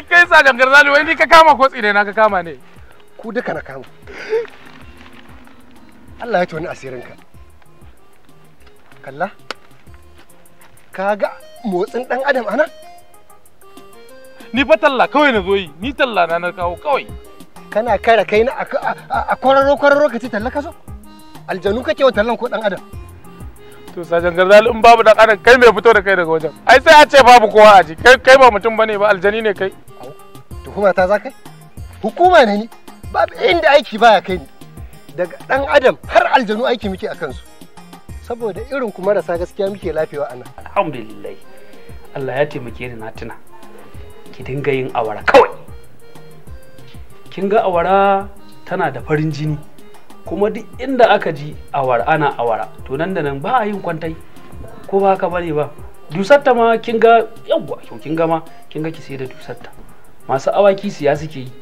wai kai sadan garzali wai ni ka kama ko tsire na ka kama ne ku duka na kama Allah ya toni asirin ka kalla ka ga motsin dan adam ana ni fa talla kawai na zo yi ni talla na na kawo kawai kana kara kai na a kwararo kwararo ka ce talla ka so aljanu kake wa tallan ko dan adam to sajan garzali in babu dan adam kai mai fito da kai daga wajen ai sai a ce babu kowa a ji kai ba mutum bane ba aljani ne kai tuhuma ta za kai hukuma ne ni babu inda aiki baya kai ni daga dan adam har aljanu aiki muke a kansu saboda irin ku marasa gaskiya muke lafewa a nan alhamdulillah Allah ya taimake ni na tuna ki dinga yin awara kawai kin ga awara tana da farin jini kuma duk inda aka ji awara ana awara to nan da nan ba a yin kwantai ko ba haka bane ba dusarta ma kin ga yawwa kin ga ma kin ga ki sai da dusarta masu awaki siya suke yi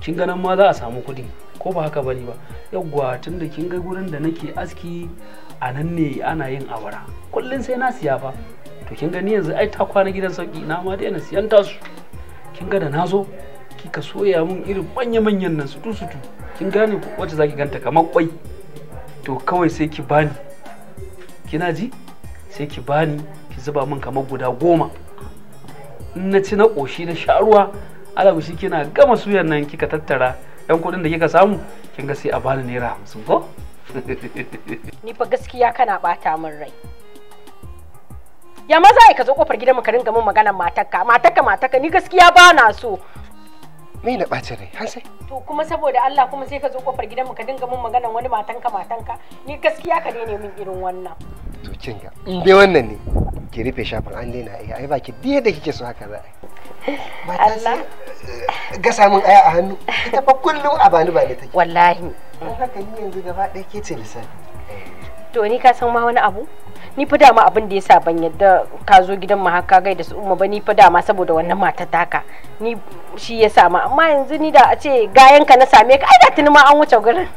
kin ga ma za a samu kuɗi ko ba haka bane ba yawwa tunda kin ga gurin da nake aski a nan ne ana yin awara kullum sai na siya fa to kin ga ni yanzu ai ta kwana gidan sauki na ma na siyan tasu kin ga da na zo kika soya mun irin manya manyan nan su tu kin gane wacce zaki ganta kamar kwai to kawai sai ki bani kina ji sai ki bani ki zuba mun kamar guda goma na ci na ƙoshi na sha ruwa alabu shi kina gama suyan nan kika tattara yan kuɗin da kika samu kin ga sai a bani naira hamsin ko ni fa gaskiya kana bata min rai ya maza ka zo kofar gidan mu ka ringa min maganar matarka matarka matarka ni gaskiya ba na so me na ɓaci rai har sai to kuma saboda Allah kuma sai ka zo kofar gidan mu ka dinga min maganar wani matanka matanka ni gaskiya ka ne min irin wannan to kin ga in dai wannan ne ki rufe shafin an daina iya ai baki diya da kike so haka za a Allah eh, gasa min aya a hannu ita fa kullum a bani bani take wallahi haka ni yanzu gaba ɗaya ke ce lisani to ni ka san ma wani abu ni fa dama abin da yasa ban yadda ka zo gidan mu haka da su umma ba ni fa dama saboda wannan matar taka ni shi yasa ma amma yanzu ni da a ce ka na same ka ai da tuni ma an wuce gurin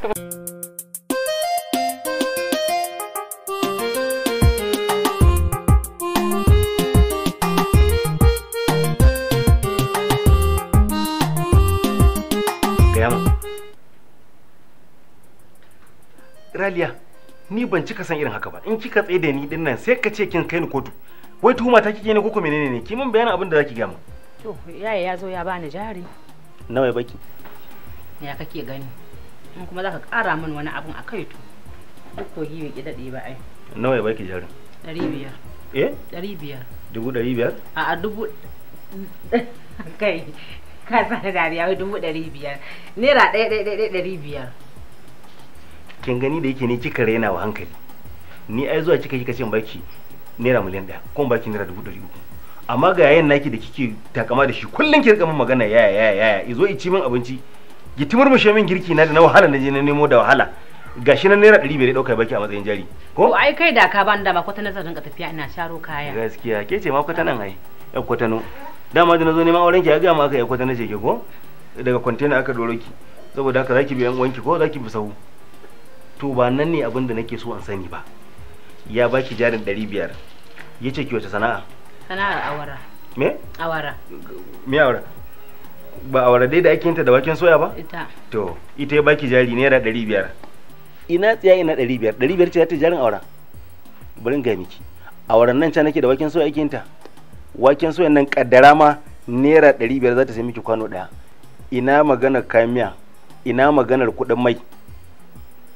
Raliya, ni ban cika san irin haka ba. In kika tsaye da ni din nan sai ka ce kin kai ni kotu. Wai tuhuma ta kike ne koko menene ne? Ki min bayanin abin da zaki ga mu. To, yaya ya zo ya bani jari. Nawa ya baki? Ya kake gani? In kuma zaka ƙara min wani abun a kai to. Duk kogi bai ki dade ba ai. Nawa ya baki jarin? Ɗari biyar. Eh? Ɗari biyar. Dubu ɗari biyar? A'a dubu kai ka sa da dariya dubu ɗari biyar. Naira ɗaya ɗaya ɗaya ɗari biyar. kin gani da yake ni kika raina wa hankali ni ai zuwa kika kika ce in baki naira miliyan ɗaya ko in baki naira dubu ɗari uku amma ga yayin naki da kike takama da shi kullum ki rika min magana ya ya ya izo i ci min abinci ki timurmushe min girki na da na wahala na je na nemo da wahala gashi na naira ɗari bai ɗauka baki a matsayin jari ko ai kai da ka ban da ma kwata nazarin ka tafiya ina sharo kaya gaskiya ke ce ma kwata nan ai ya kwatano dama da nazo neman auren ki ya ga ma aka ya kwatano ce ke ko daga container aka doro ki saboda haka zaki biyan uwanki ko zaki bi sahu to ba nan ne abin da nake so an sani ba ya baki jarin ɗari biyar ya ce ki wata sana'a sana'ar awara me awara me awara ba awara dai da ake yinta da bakin soya ba ita to ita ya baki jari naira ɗari biyar ina tsaya ina ɗari biyar ɗari biyar ce ta jarin awara bari in gaya miki awaran nan can nake da waken soya ake yinta waken soya nan kaddara ma naira ɗari biyar za ta sai miki kwano ɗaya ina maganar kamiya ina maganar kuɗin mai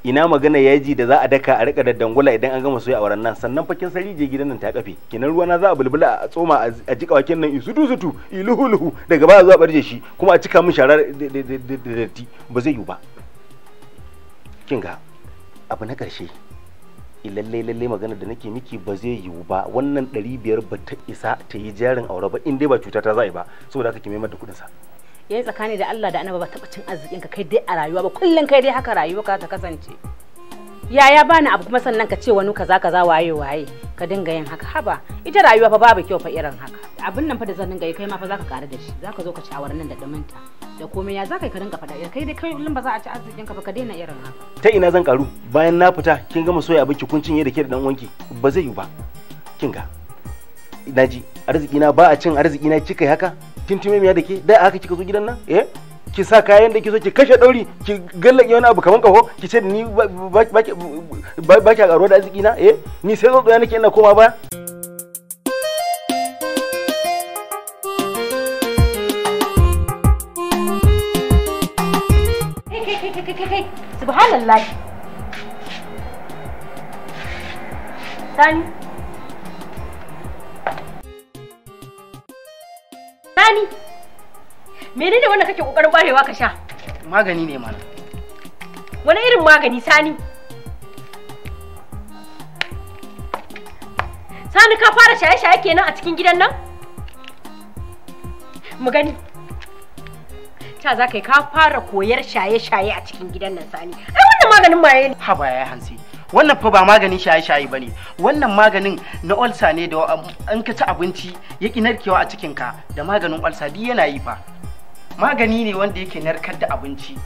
ina magana yaji da za a daka a rika da dangula idan an gama soya auren nan sannan fakin sari je gidan nan ta kafe kinan ruwa na za a bulbula a tsoma a jika waken nan isutu sutu iluhuluhu daga za zuwa barje shi kuma a cika min sharar da datti ba zai yiwu ba kin ga abu na karshe ilalle lalle magana da nake miki ba zai yiwu ba wannan ɗari biyar ba ta isa ta yi jarin aure ba in dai ba cuta ta za ba saboda haka ki mai mata kudin sa yayi tsakani da Allah da Annabi ba taɓa cin arzikin ka kai dai a rayuwa ba kullun kai dai haka rayuwa ka ta kasance yaya bani abu kuma sannan ka ce wani kaza kaza waye waye ka dinga yin haka haba ita rayuwa fa babu kyau fa irin haka abin nan fa da zan dinga yi kai ma fa zaka ƙara da shi zaka zo ka ci awar nan da daminta da komai ya zaka ka dinga fada kai dai kai ba za a ci arzikin ka ba ka daina irin haka ta ina zan karu bayan na fita kin gama soya abinki kun cinye da ke da dan wanki ba zai yi ba kin ga naji arziki na ba a cin arziki na kika haka tintime miya da ke da haka kika zo gidan nan eh ki sa kayan da ki so ki kashe dauri ki gallake wani abu kaman kaho ki ce ni ba ki a garo da arziki na eh ni sai zo tsaya nake ina koma ba subhanallah sani menene wanda kake kokarin barewa ka sha magani ne mana wani irin magani sani sani ka fara shaye-shaye kenan a cikin gidan nan mu gani ta za ka yi ka fara koyar shaye-shaye a cikin gidan nan sani ai wannan maganin maye ne ha baya hansi wannan fa ba maganin shaye-shaye bane wannan maganin na olsa ne da an um, ka ci abinci ya narkewa a cikinka da maganin olsa duk yana yi fa magani ne wanda yake narkar da abinci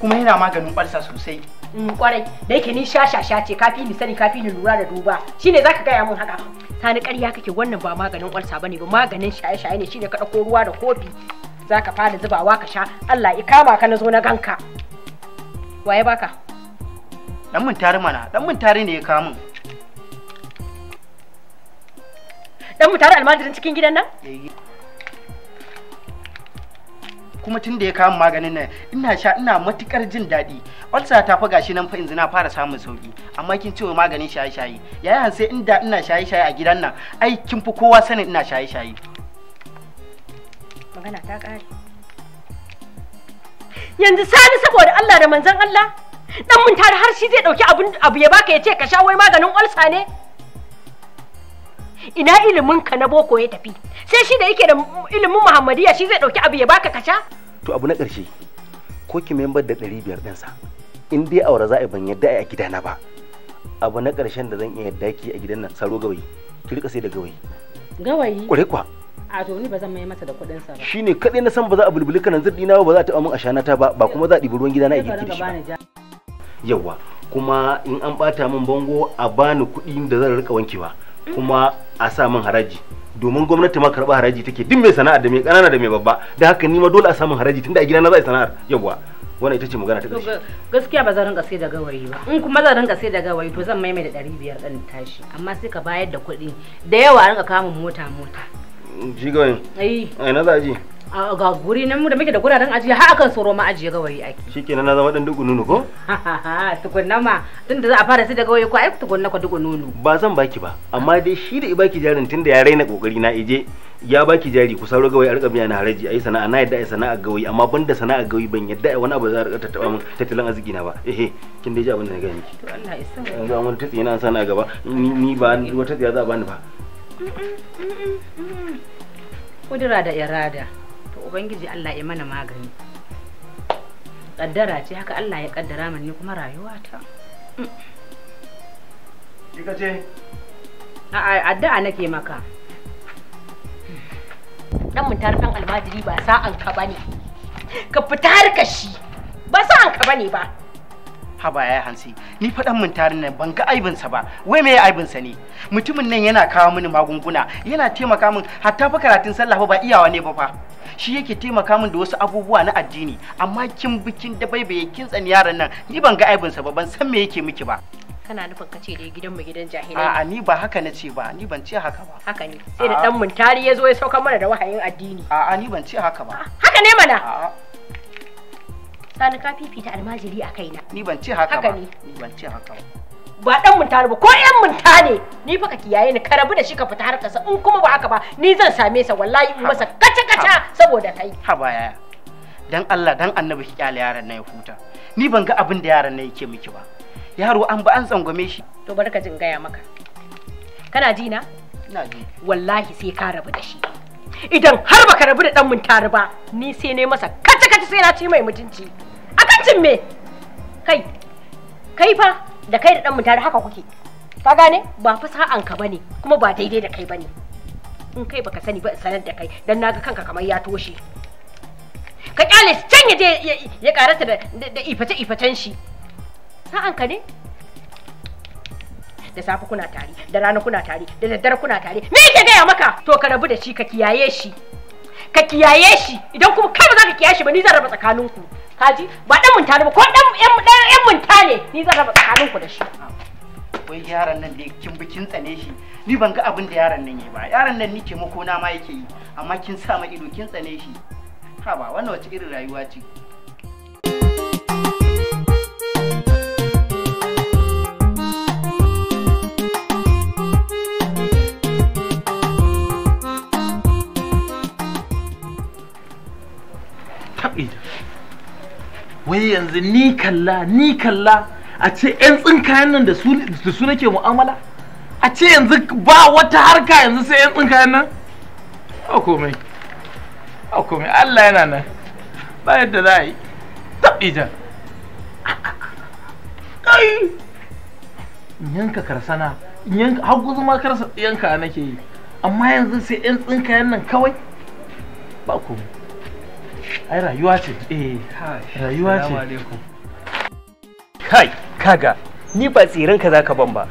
kuma yana maganin ɓarsa sosai mm, kwarai da yake ni sha ce kafi ni sani kafi ni lura da duba shine zaka gaya mun haka sani ƙarya kake wannan ba maganin ƙwarsa bane ba maganin shaye-shaye ne shine ka ɗauko ruwa da kofi zaka fara zubawa ka sha Allah ya kama ka na zo na ganka waye baka dan mun tare mana dan mun tare ne ya kawo mun dan mun tare almajirin cikin gidan nan eh, kuma tun da ya kama maganin nan ina sha ina matukar jin daɗi ulsa ta fa gashi nan fa yanzu na fara samun sauki amma kin ce maganin shaye shaye yayin sai inda ina shaye shaye a gidan nan ai kin fi kowa sanin ina shaye shaye magana ta ƙare yanzu sani saboda Allah da manzon Allah dan mun tare har shi zai dauki abu ya baka ya ce ka sha wai maganin ulsa ne ina ilimin ka na boko ya tafi sai shi da yake da ilimin muhammadiya shi zai dauki abu ya baka kasha to abu na karshe ko ki membar da 500 sa in dai aure za a ban yadda a gidana ba abu na karshen da zan iya yadda ki a gidan nan saro gawayi ki rika sai da gawayi gawayi kure kwa a to ni ba zan mai mata da kudin sa ba shine kadai na san ba za a bulbuli kanan zurdi na ba za ta amin ashana ta ba ba kuma za a dibi ruwan gidana a girki da shi ba yawa kuma in an bata min bango a bani kuɗin da zan rika wankewa kuma a sa min haraji domin gwamnati ma karɓa haraji take duk mai sana'ar da mai ƙanana da mai babba da haka ni ma dole a samun haraji tunda a gidana za a sana'ar yawwa wannan ita ce magana ta ƙarshe gaskiya ba zan rinka sai da gawayi ba in kuma zan rinka sai da gawayi to zan maimai da ɗari biyar ɗan tashi amma sai ka bayar da kuɗi da yawa a rinka kamun mota mota shi gawayin eh. ai na za a je ga guri nan mu da muke da guraren ajiya har akan tsoro ma ajiye gawayi ake shikenan na zama dan duku nunu ko tukunna ma tunda za a fara sai da gawayi ko ai tukunna ka duku nunu ba zan baki ba amma dai shi da ibaki jarin tunda ya raina kokari na ije ya baki jari ku sauro gawayi a rika miya na haraji ayi sana'a na yadda ayi sana'a gawayi amma banda sana'a gawayi ban yadda ayi wani abu za a rika tattaba min tattalin arziki na ba ehe kin dai ji abin da na ga miki to Allah ya sa yanzu an wani tatsi sana'a gaba ni ba wata tsiya za a bani ba kudura da irada to ubangiji Allah ya mana magani kaddara ce haka Allah ya kaddara mani kuma rayuwata kika mm. ce addu'a nake maka dan mun tar almajiri ba sa'an ka bane ka fitar ka shi ba sa'an ka bane ba haba ya hansi ni faɗan min tarin nan ban ga aibinsa ba wai me aibinsa ne mutumin nan yana kawo mini magunguna yana taimaka min hatta fa karatun sallah ba iyawa ne ba fa shi yake taimaka min da wasu abubuwa na addini amma kin bikin da bai kin tsani yaron nan ni ban ga aibinsa ba ban san me yake miki ba kana nufin ka ce dai gidan mu gidan jahilai a'a ni ba haka na ce ba ni ban ce haka ba haka ne sai da dan mun tari ya zo ya sauka mana da wahayin addini a'a ni ban ce haka ba haka ne mana a'a sani ka fifita almajiri a kaina ni ban ce haka ba ni ban ce haka ba ba dan mun tare ba ko yan ta ne ni fa ka kiyaye ni karabu da shi ka fita harkarsa in kuma ba haka ba ni zan same sa wallahi in masa kaca kaca saboda kai ha ba yaya dan Allah dan annabi ki kyale yaran nan ya huta ni ban ga abin da yaran nan yake miki ba yaro an ba an tsangwame shi to barka jin gaya maka kana ji na ina ji wallahi sai ka rabu da shi idan har baka rabu da dan mun tare ba ni sai ne masa kaca kaca sai na ci mai mutunci akancin me kai kai fa da kai da dan mu haka kuke ka gane ba fa sa'an ka bane kuma ba daidai da kai bane in kai baka sani ba sanar da kai dan naga kanka kamar ya toshe ka kyale can ya je ya karata da da iface ifacen shi sa'an ka ne da safe kuna tare da rana kuna tare da daddare kuna tare me yake gaya maka to ka rabu da shi ka kiyaye shi ka kiyaye shi idan kuma kai ba za ka kiyaye shi ba ni zan raba tsakaninku kaji ba dan mun tare ba ko dan yan mun tare ni zan raba tsakaninku da shi wai yaron nan da kin bi kin tsane shi ni ban ga abin da yaron nan yi ba yaron nan ni taimako na ma yake yi amma kin sa ma ido kin tsane shi ha ba wannan wace irin rayuwa ce yanzu ni kalla ni kalla a ce 'yan tsinkayen nan da su nake mu'amala a ce yanzu ba wata harka yanzu sai 'yan tsinkayen nan a komai a komai allah yana nan ba yadda za a yi taɓi jan ai yanka karsana yanka har zuma karsa yanka nake yi amma yanzu sai 'yan tsinkayen nan kawai ba komai ai rayuwa ce eh rayuwa ce kai kaga ni ba tsiran ka zaka ban ba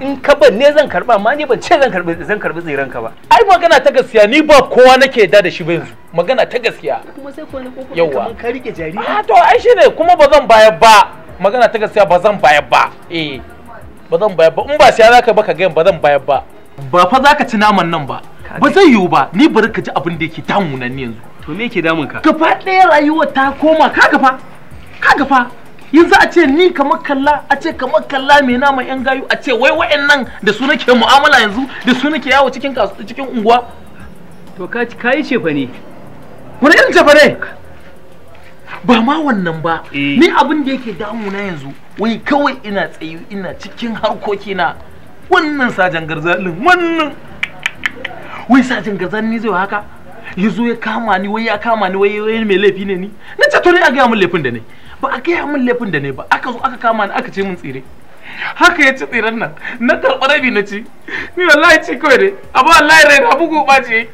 in ka ban ne zan karba ma ni ban ce zan karbi zan karbi tsiran ka ba ai magana ta gaskiya ni ba kowa nake da da shi ba yanzu magana ta gaskiya kuma sai ko ni kokon kaman ka rike jari ah to ai shine kuma ba zan bayar ba magana ta gaskiya ba zan bayar ba eh ba zan bayar ba in ba siya zaka ba ka ga ba zan bayar ba ba fa zaka ci naman nan ba ba zai yiwu ba ni bari ka ji abin da yake damunan ni yanzu to me ke damun ka gaba ɗaya rayuwa ta koma ka gafa ka gafa yanzu a ce ni kamar kalla a ce kamar kalla mai nama yan gayu a ce wai wa'annan da su nake mu'amala yanzu da su nake yawo cikin kasu cikin unguwa to ka ka yi cefa ne wani irin cefa ne ba ma wannan ba eh. ni abin da yake damuna yanzu wai kawai ina tsayi ina cikin harkoki na wannan sajan garzalin wannan wai sajan garzalin ne zai haka ya zo ya kama ni wai ya kama ni wai wai mai laifi ne ni na ce to ne a gaya min laifin da ne ba a gaya min laifin da ne ba aka zo aka kama ni aka ce min tsire haka ya ci tsiren nan na karɓi rabi na ci ni wallahi ci kawai ne abu wallahi rai na bugu ba ci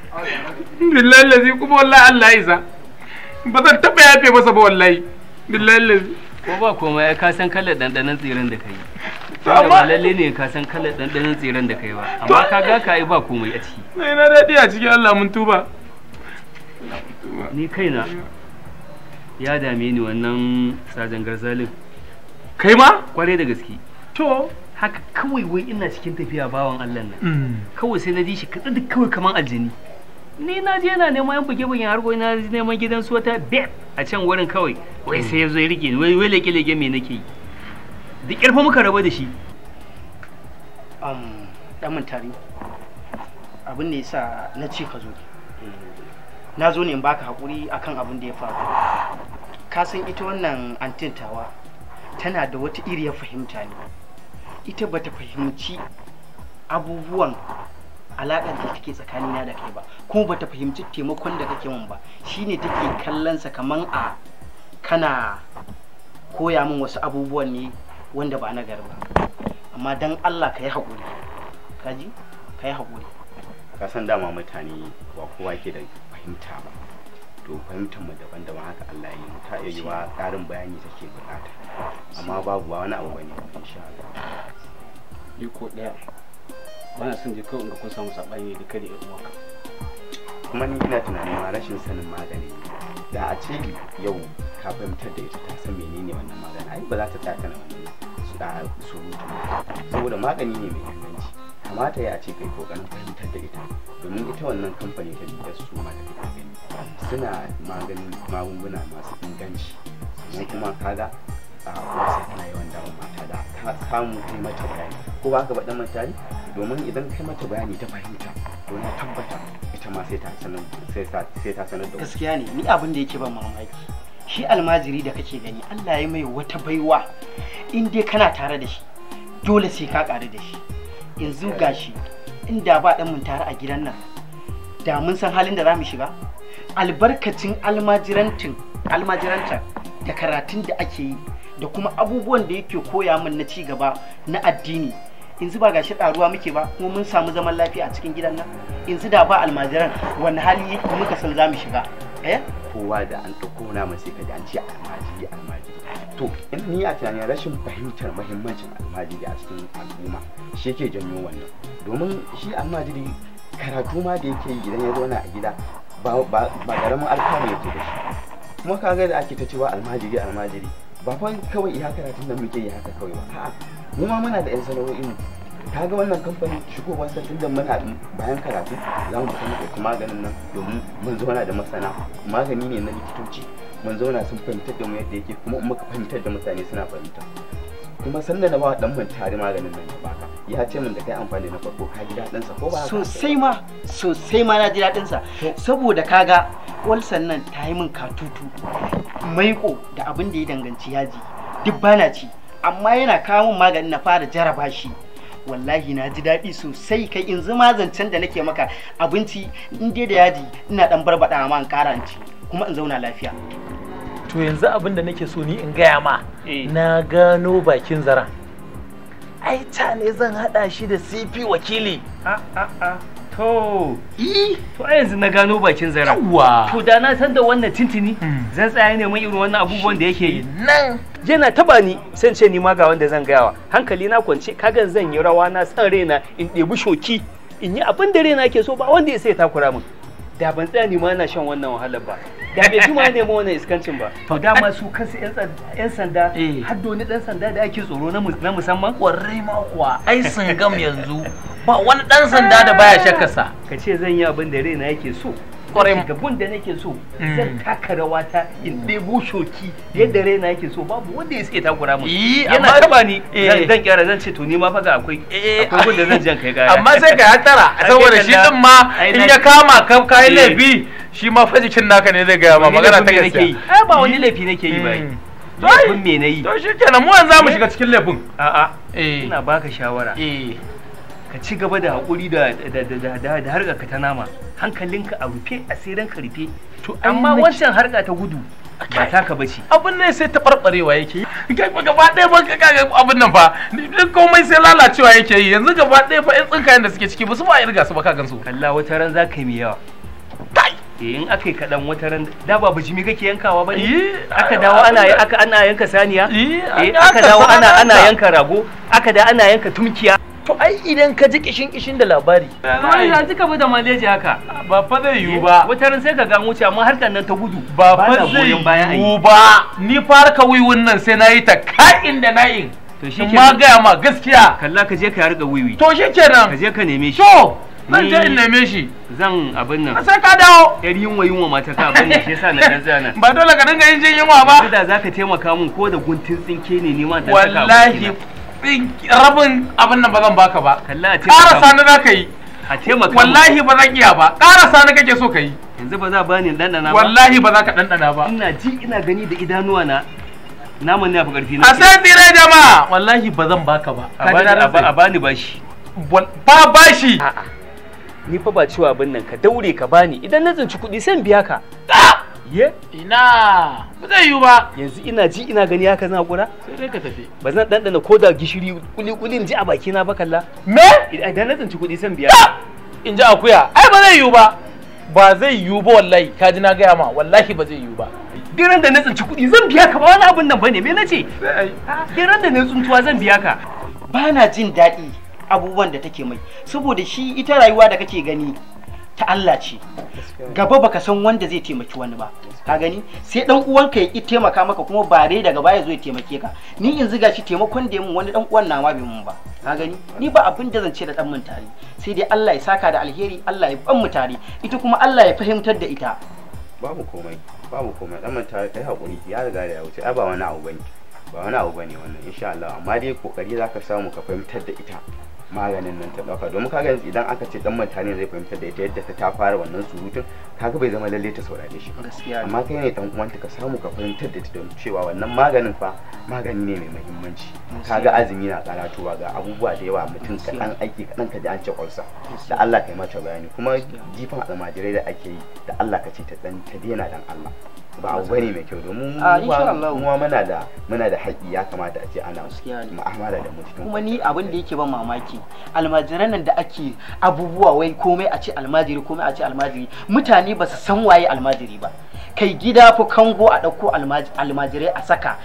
billahi lazi kuma wallahi Allah ya isa ba zan taɓa yafe masa ba wallahi billahi lazi ko ba koma ya ka san kalar dandanan tsiren da kai amma lalle ne ka san kalar dandanan tsiren da kai ba amma ka ga ka yi ba komai a ciki na daɗi a cikin Allah mun tuba ni kaina ya dame ni wannan sajan garzalin kai ma kware da gaske to haka kawai wai ina cikin tafiya bawan Allah nan mm. kawai sai na ji shi kaɗa duk kawai kaman aljini ni na je na neman yan buge bugen harko na neman gidan su wata beb a can wurin kawai wai sai ya zo ya rike ni wai wai leke leke me nake yi da ƙarfa muka raba da shi um dan mantari abin ne yasa na ce ka zo na zo ne in baka haƙuri akan abin da ya faru ka san ita wannan antintawa tana da wata iriyar fahimta ne ita bata fahimci abubuwan alaƙar da take tsakanina da kai ba kuma bata fahimci taimakon da kake min ba shine take kallonsa kaman a kana koya min wasu abubuwan ne wanda ba na ba. amma dan Allah ka yi haƙuri kaji ka yi haƙuri ka san dama mutane ba kowa ke da fahimta ba to fahimtar mu daban-daban haka Allah ya yi ta iya yi wa ƙarin bayani take bukata amma babu ba wani abu bane insha Allah ko daya ba na son je kawai in ga kun samu sabani da kada ya uwaka kuma ni ina tunanin ma rashin sanin magani da a ce yau ka fahimtar da ita ta san menene wannan magani ai ba za ta tsaka na wannan su da surutu saboda magani ne mai inganci kamata ya ce kai kokarin fahimtar da ita domin ita wannan kamfani ta bs su ma da gani suna maganin magunguna masu inganci sannan kuma kaga a wasu tana yawan dawo mata da ta kai mata bayani ko ba ka faɗa mata domin idan kai mata bayani ta fahimta to na tabbata ita ma sai ta sanar sai ta sanar da gaskiya ne ni abin da yake ban mamaki shi almajiri da kake gani Allah ya mai wata baiwa in dai kana tare da shi dole sai ka ƙaru da shi yanzu gashi inda ba dan mun tare a gidan nan da mun san halin da za mu shiga albarkacin almajirantin almajirantar da karatun da ake yi da kuma abubuwan da yake koya min na ci gaba na addini yanzu ba gashi ɗaruwa muke ba kuma mun samu zaman lafiya a cikin gidan nan yanzu da ba almajiran wani hali muka san za mu shiga eh kowa da an ɗauko na sai ka an ce almajiri almajiri to in ni a tunanin rashin fahimtar mahimmancin almajiri a cikin al'umma shi ke janyo wannan domin shi almajiri karatu ma da yake yi idan ya zauna a gida ba karamin ya yake da shi kuma kaga da ake ta cewa almajiri almajiri ba fa kawai iya karatun da muke yi haka kawai ba a'a mu ma muna da yan sana'oi ta ga wannan kamfanin shigowar sabbin da muna bayan karatu za mu fita mu maganin nan domin mun zauna da masana magani ne na likitoci mun zauna sun fahimta da mu yadda yake kuma muka fahimtar da mutane suna fahimta kuma sannan na ba dan mun tare maganin nan ya baka ya ce mun da kai amfani na farko ka ji daɗin sa ko ba sosai ma sosai ma na ji daɗin sa saboda kaga walsan nan ta yi min katutu maiƙo da abin da ya danganci yaji duk bana ci amma yana kawo min maganin na fara jaraba shi wallahi na ji daɗi sosai kai in zama zancen da nake maka abinci in da yaji ina dan barbada ma an ƙara ci kuma in zauna lafiya to yanzu abin da nake so ni in gaya ma eh. na gano bakin zara. ai ta ne zan hada shi da cp wakili a a a to e? to a yanzu na gano bakin zara. yawa to da na san da wannan tintini hmm. zan tsaya neman irin wannan abubuwan da yake yi nan yana taba ni sai ce ni ma ga wanda zan gayawa hankali na kwance kagan zan yi rawa na san raina in ɗebi shoki in yi abin da raina ke so ba wanda ya sai takura min da ban tsaya ni ma na shan wannan wahalar ba da bai juma ne ma wannan iskancin ba to dama su kansu yan sanda eh. har doni dan sanda da ake tsoro na musamman kwarai ma kuwa ai sun gam yanzu ba wani dan sanda da baya shakasa ka ce zan yi abin da raina yake so gabon da nake so mm. zan taka rawa ta in debo shoki yadda raina yake so babu wanda ya sai takura mun yana taba ni zan kyara eh. zan ce to ni ma fa ga akwai eh. akwai gun da zan jan kai gaya amma sai ka tara saboda shi din ma in ya kama ka kai eh. laifi shi ma fa jikin naka ne zai gaya ma magana ta gaskiya ai ba wani laifi nake yi ba mm. laifin me na yi to shi kenan mu yanzu za mu shiga cikin laifin a'a ina baka shawara eh ka ci gaba da haƙuri da harka ka ta nama hankalinka a rufe asirin ka rufe amma wancan harka ta gudu ba ka bace abin nan sai ta barbarewa yake gaba ɗaya ba ka ga abin nan fa duk komai sai lalacewa yake yi yanzu gaba ɗaya fa yan tsinkayen da suke ciki ba su ba irga su ba ka gansu kalla wata ran za ka yi mai yawa eh, in aka yi kaɗan wata ran da ba bijimi kake yankawa ba ne aka dawo ana aka ana yanka saniya eh, aka dawo ana ana yanka rago aka da ana yanka tumkiya to ai idan ka ji kishin kishin da labari ai za ka bude da maleji haka ba fa zai yiwu ba watarin sai ka ga wuce amma harkar nan ta gudu ba fa zai yiwu ba ni ka wuyi nan sai na yi ta ka'in da na'in to shi ma gaya ma gaskiya kalla ka je ka ya riga wiwi to shi kenan ka je ka neme shi to zan je in neme shi zan abin nan sai ka dawo yar yunwa yunwa mata ka abin nan shi yasa na dan zana. nan ba dole ka dinga yin jin yunwa ba da zaka taimaka mun ko da guntun tsinke ne ne ma ta saka wallahi rabin abin nan ba zan baka ba ƙarasa na za ka yi a taimaka wallahi ba zan iya ba Kara sani kake so ka yanzu ba za ba ni ɗanɗana ba wallahi ba za ka dandana ba ina ji ina gani da idanuwa na naman ne a ƙarfi na a sai tsire jama'a wallahi ba zan baka ba a bani bashi ba bashi ni fa ba cewa abin nan ka daure ka bani idan na tsinci kuɗi sai biya ka ah! Ye? Ina, ba zai yiwu ba. Yanzu ina ji ina gani haka zan hakura? Sai dai ka tafi. Ba zan ɗanɗana ko da gishiri kuli-kulin ji a baki na ba kalla. Me? Idan na tsinci kuɗi san biya. In ji akuya, ai ba zai yiwu ba. Ba zai yiwu ba wallahi, ka ji na gaya ma, wallahi ba zai yiwu ba. Diran da na tsinci kuɗi zan biya ka ba wani abin nan bane, me na ce? Diran da na tsintuwa zan biya ka. Ba na jin daɗi abubuwan da take mai, saboda shi ita rayuwa da kake gani ta Allah ce gaba baka san wanda zai taimaki wani ba ka gani sai dan uwanka ya ki taimaka maka kuma bare daga baya zai taimake ka ni in ziga shi taimakon da mun wani dan uwan na ma bai mun ba ka gani ni ba abin da zan ce da dan mun tare sai dai Allah ya saka da alheri Allah ya ban mu tare ita kuma Allah ya fahimtar da ita babu komai babu komai dan mun tare kai hakuri ya riga da ya wuce ai ba wani abu bane ba wani abu bane wannan insha Allah amma dai kokari zaka samu ka fahimtar da ita maganin nan ta dauka domin kaga yanzu idan aka ce dan mutane zai fahimtar da ita yadda ta ta fara wannan surutun kaga bai zama lalle ta saurare shi gaskiya amma kai ne dan uwanta ka samu ka fahimtar da ita cewa wannan maganin fa magani ne mai muhimmanci kaga azumi na karatuwa ga abubuwa da yawa mutum ka dan aiki ka dan ka ji an ce kwalsa da Allah kai mata bayani kuma jifan almajirai da ake yi da Allah ka ce ta dan ta dena dan Allah ba abu bane mai kyau domin kuma ah, muna da muna da haƙi ya kamata a ce ana mu'amala da mutum kuma ni abin da yake ban mamaki almajiran nan da ake abubuwa wai komai a ce almajiri komai a ce almajiri mutane ba su san waye almajiri ba kai gida fa kango a ɗauko almajirai a saka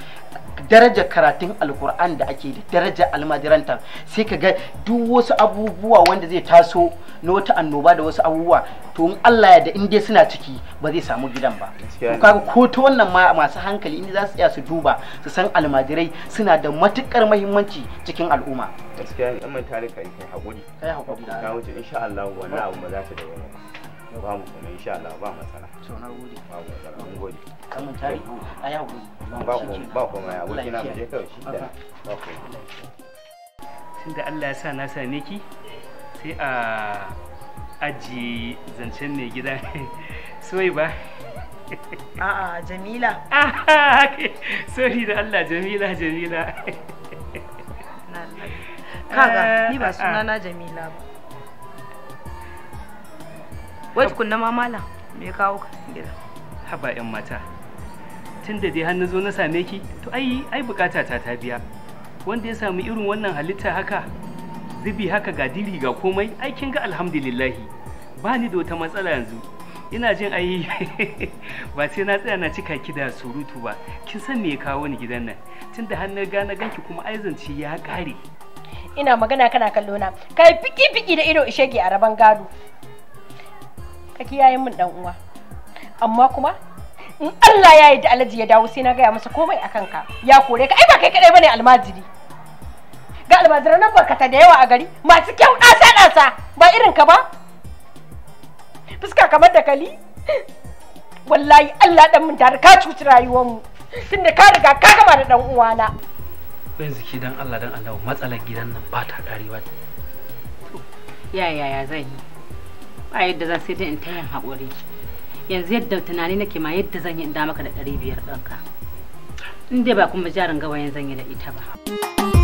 darajar karatun alkur'an da ake da darajar almajiranta sai ka ga duk wasu abubuwa wanda zai taso na wata annoba da wasu abubuwa to in Allah ya da in suna ciki ba zai samu gidan ba kuma ko ta wannan ma masu hankali inda za su iya su duba su san almajirai suna da matukar mahimmanci cikin al'umma gaskiya in mai tare kai kai hakuri kai hakuri da wuce insha Allah wannan abu ba za ta dawo. wani ba mu kuma insha Allah ba matsala to na gode ba mu matsala mun gode kan mun tare ai hakuri ba ko ba ko mai aboki na mu je kawai shi da ba ko da Allah ya sa na same ki sai a ajiye zancen mai gida soyi ba A'a Jamila. Sorry da Allah Jamila Jamila. Kaga ni ba eh, ah, sunana ah. Jamila ba. Wai kunna ma mala me ya kawo ka gida? Haba ƴan mata. Tun da dai hannu zo na same ki to ai ai bukata ta ta biya. Wanda ya samu irin wannan halitta haka zubi haka ga diri ga komai ai kin ga alhamdulillahi. Ba ni da wata matsala yanzu. ina jin ai ba sai na tsaya na cika ki da surutu ba kin san me ya kawo ni gidan nan tunda har na gane ganki kuma aizanci ya kare ina magana kana kallo na kai fiki fiki da ido ishege a raban gado ka kiyaye mun dan uwa amma kuma in Allah ya yi da alaji ya dawo sai na gaya masa komai akan ka ya kore ka ai ba kai kadai bane almajiri ga almajiran nan barkata da yawa a gari masu kyau ɗasa ɗasa ba irin ka ba fuska kamar da kali wallahi Allah dan mun tare ka cuci rayuwar mu tunda ka riga ka gama da dan uwana yanzu ki dan Allah dan Allah matsalar gidan nan ba ta karewa ya ya ya zan yi ba yadda za sai dai in tayin haƙuri yanzu yadda tunani nake ma yadda zan yi in da maka da ɗari biyar ɗanka in dai ba kuma jarin gawayen zan yi da ita ba.